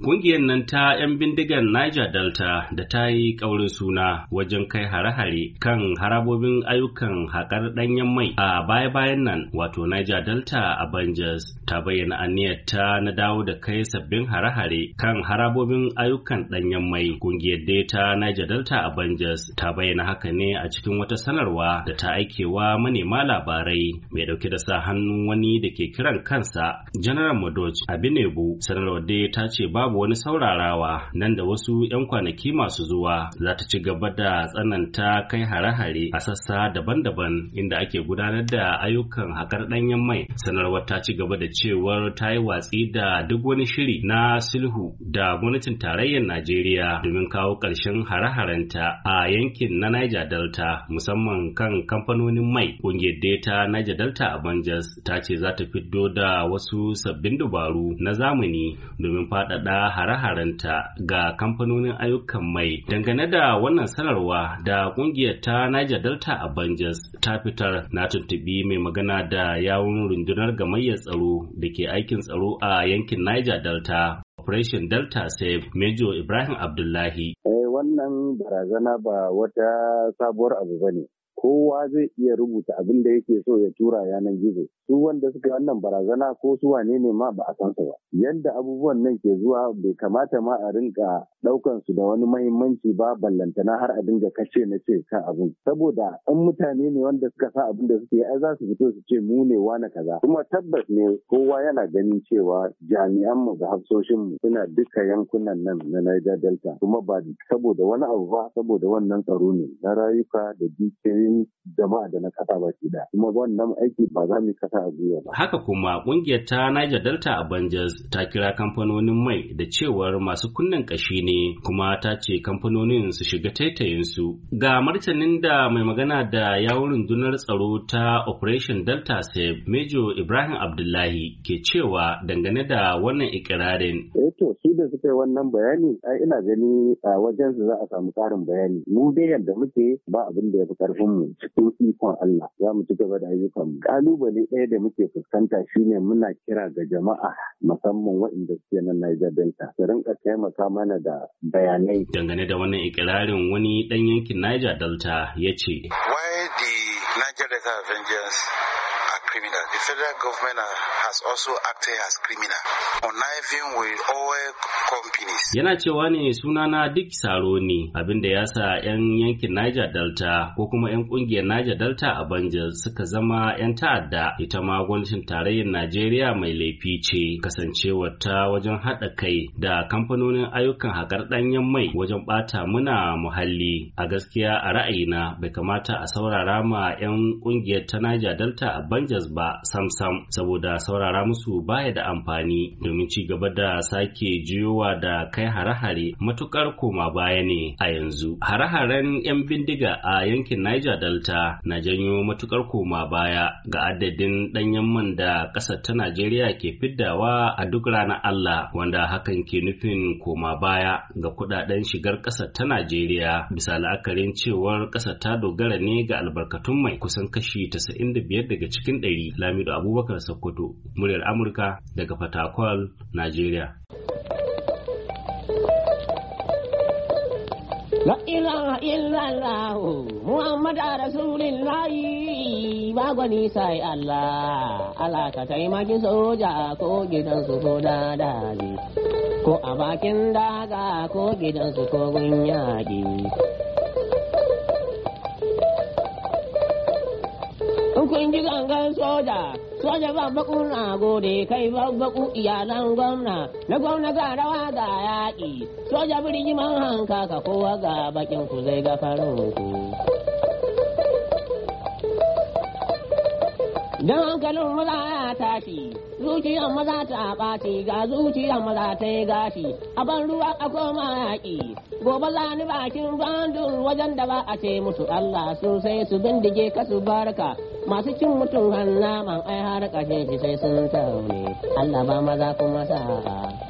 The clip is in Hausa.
Ƙungiyar nan ta 'yan bindigar Niger Delta da ta yi ƙaurin suna wajen kai hare-hare kan harabobin ayyukan haƙar ɗanyen mai a baya-bayan nan wato Niger Delta Avengers ta bayyana Aniyar ta na dawo da kai sabbin hare-hare kan harabobin ayyukan ɗanyen mai. Ƙungiyar dai ta Niger Delta Avengers ta bayyana haka ne a cikin wata sanarwa da ta aikewa manema labarai mai ɗauke da sa hannun wani da ke kiran kansa General Madoj Abinebu sanarwar dai ta ce ba babu wani saurarawa nan da wasu 'yan kwanaki masu zuwa za ta ci gaba da tsananta kai hare-hare a sassa daban-daban inda ake gudanar da ayyukan haƙar ɗanyen mai sanarwar ta ci gaba da cewar ta yi watsi da duk wani shiri na sulhu da gwamnatin tarayyar najeriya domin kawo ƙarshen hare-harenta a yankin na niger delta musamman kan kamfanonin mai ƙungiyar data niger delta a banjas ta ce za ta fito da wasu sabbin dabaru na zamani domin faɗaɗa ta hare-harenta ga kamfanonin ayyukan mai dangane da wannan sanarwa da ƙungiyar ta Niger Delta Avengers ta fitar na tuntubi mai magana da yawun rundunar gamayyar tsaro da ke aikin tsaro a yankin Niger Delta Operation Delta Save Major Ibrahim Abdullahi. eh wannan barazana ba wata sabuwar abu ba ne kowa zai iya rubuta abin da yake so ya tura yanar gizo su wanda suka wannan barazana ko su wane ne ma ba a san ba yanda abubuwan nan ke zuwa bai kamata ma a rinka daukan su da wani mahimmanci ba ballantana har a dinga kace na ce ka abin saboda an mutane ne wanda suka sa abin da suke ai za su fito su ce mu ne wani kaza kuma tabbas ne kowa yana ganin cewa jami'an mu da hafsoshin mu suna duka yankunan nan na Niger Delta kuma ba saboda wani abu ba saboda wannan tsaro ne na rayuka da dukiyoyin jama'a da na kasa ba shi da kuma wannan aiki ba za mu kasa a gwiwa ba. Haka kuma ƙungiyar ta Niger Delta Avengers ta kira kamfanonin mai da cewar masu kunnen ƙashi ne kuma ta ce kamfanonin su shiga taitayinsu. Ga martanin da mai magana da yawon rundunar tsaro ta Operation Delta Save Major Ibrahim Abdullahi ke cewa dangane da wannan ikirarin. Eh to su da suka yi wannan bayani ai ina gani a wajen su za a samu ƙarin bayani. Mu dai yadda muke ba abin da ya fi ƙarfinmu. mu cikin ikon Allah za mu ci gaba da ayyukan mu kalubale ɗaya da muke fuskanta shine muna kira ga jama'a musamman waɗanda suke nan Niger Delta su rinka taimaka mana da bayanai dangane da wannan ikirarin wani ɗan yankin Niger Delta ya ce why the Niger Delta Avengers criminal. The federal government has also acted as criminal, conniving with oil companies. Yana cewa ne sunana Dick Saro ne, abinda ya sa 'yan yankin Niger Delta ko kuma 'yan ƙungiyar Niger Delta a Banjar suka zama 'yan ta'adda. Ita ma gwamnatin tarayyar Najeriya mai laifi ce kasancewar ta wajen haɗa kai da kamfanonin ayyukan haƙar ɗanyen mai wajen ɓata muna muhalli. A gaskiya a ra'ayina bai kamata a saurara ma 'yan kungiyar ta Niger Delta a Banjar Texas ba sam-sam saboda saurara musu baya da amfani domin ci gaba da sake jiyowa da kai hare-hare matukar koma baya ne a yanzu. Hare-haren 'yan bindiga a yankin Niger Delta na janyo matukar koma baya ga adadin ɗanyen man da ƙasar ta Najeriya ke fiddawa a duk ranar Allah wanda hakan ke nufin koma baya ga kudaden shigar ƙasar ta Najeriya bisa la'akarin cewar ƙasar ta dogara ne ga albarkatun mai kusan kashi 95 daga cikin ɗari. alheri lamido abubakar sokoto muryar amurka daga fatakwal najeriya La ilaha illallah Muhammad Rasulullah ba gwani sai Allah Allah ka soja ko gidan su ko dadali ko a bakin daga ko gidan su ko gun yaƙi kun ji gangan soja, soja baku na gode kai babbaku iyalan gwamna, na gwamna ga rawa ga yaƙi, soja birni man hanka ka kowa ga bakin ku zai ga ku. Don hankalin maza ya tashi, zuciyar maza ta ɓaci ga zuciyar maza ta yi gashi, a ban ruwa a koma yaƙi. Gobe za ni bakin bandun wajen da ba a ce musu Allah sosai su bindige ka su barka, masu cin mutum hannu ai har ƙashin shi sai sun taune Allah ba maza kuma sa'a